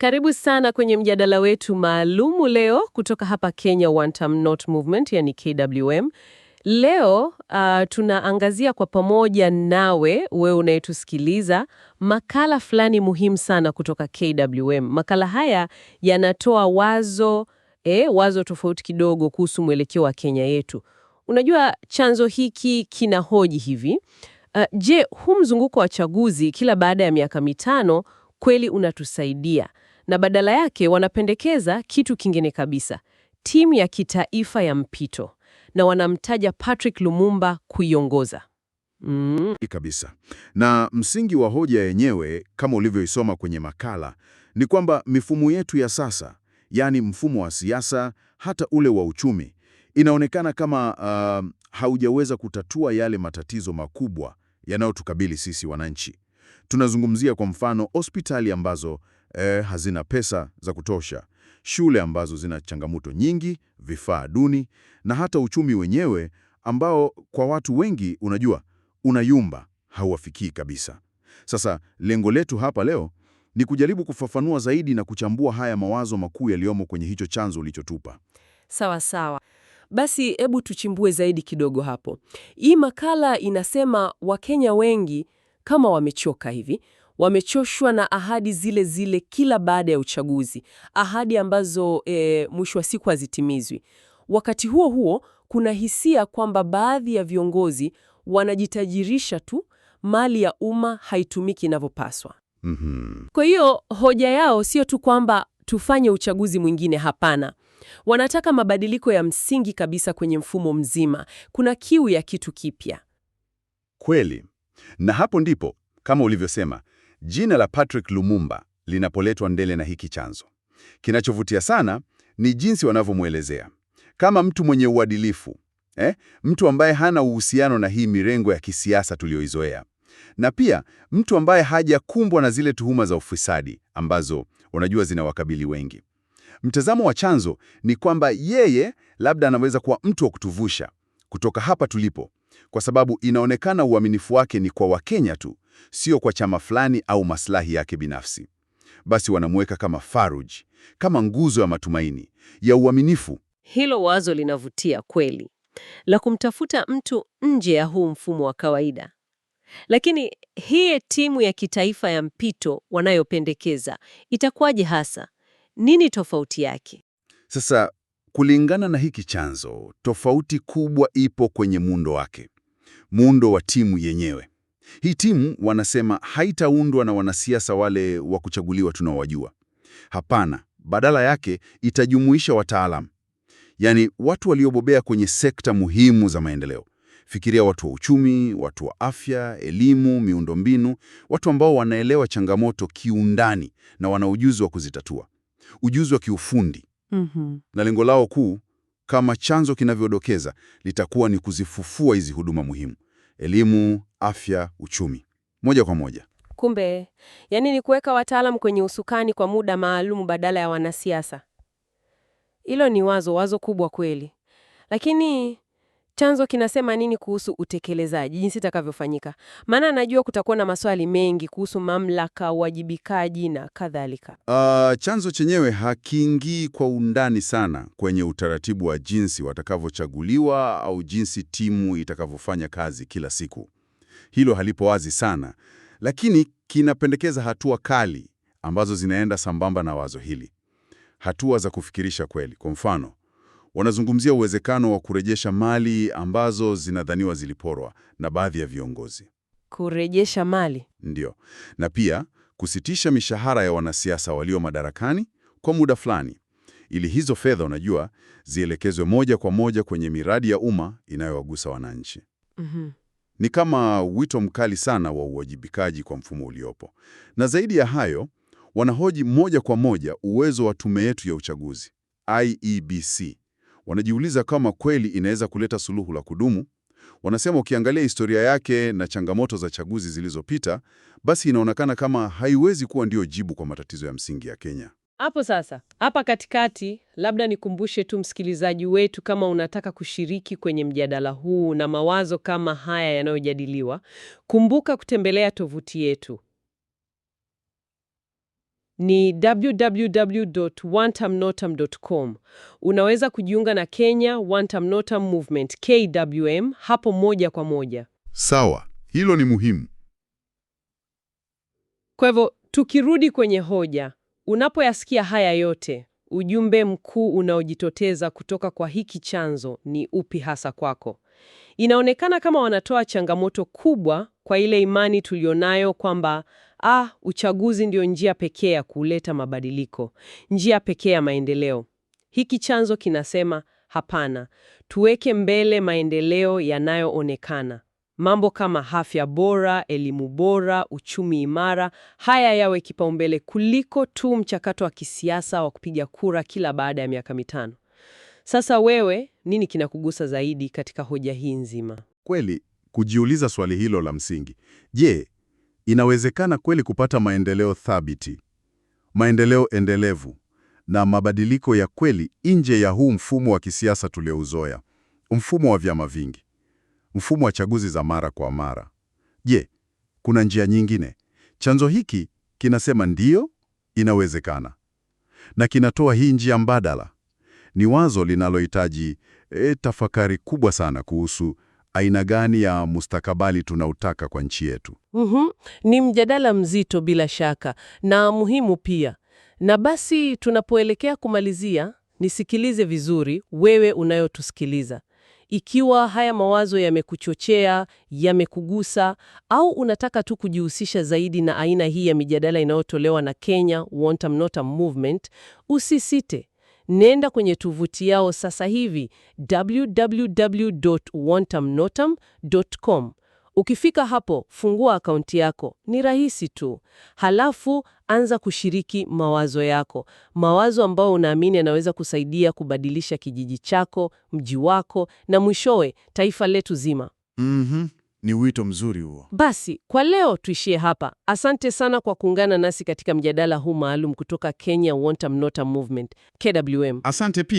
Karibu sana kwenye mjadala wetu maalumu leo kutoka hapa Kenya One Time Not Movement, yani KWM. Leo uh, tunaangazia kwa pamoja nawe wewe unayetusikiliza makala fulani muhimu sana kutoka KWM. Makala haya yanatoa wazo eh, wazo tofauti kidogo kuhusu mwelekeo wa Kenya yetu. Unajua chanzo hiki kina hoji hivi. Uh, je, huu mzunguko wa chaguzi kila baada ya miaka mitano kweli unatusaidia na badala yake wanapendekeza kitu kingine kabisa, timu ya kitaifa ya mpito, na wanamtaja Patrick Lumumba kuiongoza. Mm. Kabisa. Na msingi wa hoja yenyewe kama ulivyoisoma kwenye makala ni kwamba mifumo yetu ya sasa, yaani mfumo wa siasa, hata ule wa uchumi, inaonekana kama uh, haujaweza kutatua yale matatizo makubwa yanayotukabili sisi wananchi. Tunazungumzia kwa mfano hospitali ambazo eh, hazina pesa za kutosha, shule ambazo zina changamoto nyingi, vifaa duni na hata uchumi wenyewe ambao kwa watu wengi, unajua, unayumba, hauwafikii kabisa. Sasa lengo letu hapa leo ni kujaribu kufafanua zaidi na kuchambua haya mawazo makuu yaliyomo kwenye hicho chanzo ulichotupa. Sawa sawa. Basi hebu tuchimbue zaidi kidogo hapo. Hii makala inasema Wakenya wengi kama wamechoka hivi Wamechoshwa na ahadi zile zile kila baada ya uchaguzi, ahadi ambazo e, mwisho wa siku hazitimizwi. Wakati huo huo, kuna hisia kwamba baadhi ya viongozi wanajitajirisha tu, mali ya umma haitumiki inavyopaswa. mm -hmm. Kwa hiyo hoja yao sio tu kwamba tufanye uchaguzi mwingine, hapana. Wanataka mabadiliko ya msingi kabisa kwenye mfumo mzima. Kuna kiu ya kitu kipya kweli, na hapo ndipo kama ulivyosema Jina la Patrick Lumumba linapoletwa mbele na hiki chanzo, kinachovutia sana ni jinsi wanavyomwelezea kama mtu mwenye uadilifu eh, mtu ambaye hana uhusiano na hii mirengo ya kisiasa tuliyoizoea, na pia mtu ambaye hajakumbwa na zile tuhuma za ufisadi ambazo unajua zinawakabili wengi. Mtazamo wa chanzo ni kwamba yeye labda anaweza kuwa mtu wa kutuvusha kutoka hapa tulipo, kwa sababu inaonekana uaminifu wake ni kwa Wakenya tu sio kwa chama fulani au maslahi yake binafsi. Basi wanamweka kama Faruj, kama nguzo ya matumaini ya uaminifu. Hilo wazo linavutia kweli, la kumtafuta mtu nje ya huu mfumo wa kawaida. Lakini hii timu ya kitaifa ya mpito wanayopendekeza itakuwaje hasa? Nini tofauti yake? Sasa, kulingana na hiki chanzo, tofauti kubwa ipo kwenye muundo wake, muundo wa timu yenyewe. Hii timu wanasema haitaundwa na wanasiasa wale wa kuchaguliwa tunaowajua. Hapana, badala yake itajumuisha wataalam, yaani watu waliobobea kwenye sekta muhimu za maendeleo. Fikiria watu wa uchumi, watu wa afya, elimu, miundombinu, watu ambao wanaelewa changamoto kiundani na wana ujuzi wa kuzitatua, ujuzi wa kiufundi mm -hmm. na lengo lao kuu, kama chanzo kinavyodokeza, litakuwa ni kuzifufua hizi huduma muhimu: elimu, afya, uchumi, moja kwa moja. Kumbe yani ni kuweka wataalam kwenye usukani kwa muda maalum badala ya wanasiasa. Hilo ni wazo wazo kubwa kweli, lakini chanzo kinasema nini kuhusu utekelezaji, jinsi itakavyofanyika? Maana najua kutakuwa na maswali mengi kuhusu mamlaka, uwajibikaji na kadhalika. Uh, chanzo chenyewe hakiingii kwa undani sana kwenye utaratibu wa jinsi watakavyochaguliwa au jinsi timu itakavyofanya kazi kila siku hilo halipo wazi sana, lakini kinapendekeza hatua kali ambazo zinaenda sambamba na wazo hili, hatua za kufikirisha kweli. Kwa mfano, wanazungumzia uwezekano wa kurejesha mali ambazo zinadhaniwa ziliporwa na baadhi ya viongozi. Kurejesha mali, Ndio, na pia kusitisha mishahara ya wanasiasa walio madarakani kwa muda fulani, ili hizo fedha, unajua, zielekezwe moja kwa moja kwenye miradi ya umma inayowagusa wananchi. mm -hmm. Ni kama wito mkali sana wa uwajibikaji kwa mfumo uliopo, na zaidi ya hayo wanahoji moja kwa moja uwezo wa tume yetu ya uchaguzi IEBC. Wanajiuliza kama kweli inaweza kuleta suluhu la kudumu. Wanasema ukiangalia historia yake na changamoto za chaguzi zilizopita, basi inaonekana kama haiwezi kuwa ndiyo jibu kwa matatizo ya msingi ya Kenya. Hapo sasa, hapa katikati, labda nikumbushe tu msikilizaji wetu, kama unataka kushiriki kwenye mjadala huu na mawazo kama haya yanayojadiliwa, kumbuka kutembelea tovuti yetu ni www.wantamnotam.com. Unaweza kujiunga na Kenya Wantam Notam Movement KWM hapo moja kwa moja. Sawa, hilo ni muhimu. Kwa hivyo tukirudi kwenye hoja Unapoyasikia haya yote, ujumbe mkuu unaojitoteza kutoka kwa hiki chanzo ni upi hasa kwako? Inaonekana kama wanatoa changamoto kubwa kwa ile imani tuliyonayo kwamba ah, uchaguzi ndio njia pekee ya kuleta mabadiliko, njia pekee ya maendeleo. Hiki chanzo kinasema hapana, tuweke mbele maendeleo yanayoonekana. Mambo kama afya bora, elimu bora, uchumi imara, haya yawe kipaumbele kuliko tu mchakato wa kisiasa wa kupiga kura kila baada ya miaka mitano. Sasa wewe, nini kinakugusa zaidi katika hoja hii nzima? Kweli kujiuliza swali hilo la msingi. Je, inawezekana kweli kupata maendeleo thabiti, maendeleo endelevu na mabadiliko ya kweli nje ya huu mfumo wa kisiasa tuliouzoea, mfumo wa vyama vingi? mfumo wa chaguzi za mara kwa mara. Je, kuna njia nyingine? Chanzo hiki kinasema ndiyo, inawezekana, na kinatoa hii njia mbadala. Ni wazo linalohitaji e, tafakari kubwa sana kuhusu aina gani ya mustakabali tunautaka kwa nchi yetu. Mm-hmm. Ni mjadala mzito bila shaka na muhimu pia. Na basi tunapoelekea kumalizia, nisikilize vizuri wewe unayotusikiliza. Ikiwa haya mawazo yamekuchochea, yamekugusa, au unataka tu kujihusisha zaidi na aina hii ya mijadala inayotolewa na Kenya notam Movement, usisite. Nenda kwenye tovuti yao sasa hivi www.wantamnotam.com. Ukifika hapo, fungua akaunti yako, ni rahisi tu. Halafu anza kushiriki mawazo yako, mawazo ambayo unaamini yanaweza kusaidia kubadilisha kijiji chako, mji wako na mwishowe taifa letu zima. Mm -hmm. Ni wito mzuri huo. Basi kwa leo tuishie hapa. Asante sana kwa kuungana nasi katika mjadala huu maalum kutoka Kenya Wantamnotam Movement KWM. Asante pia.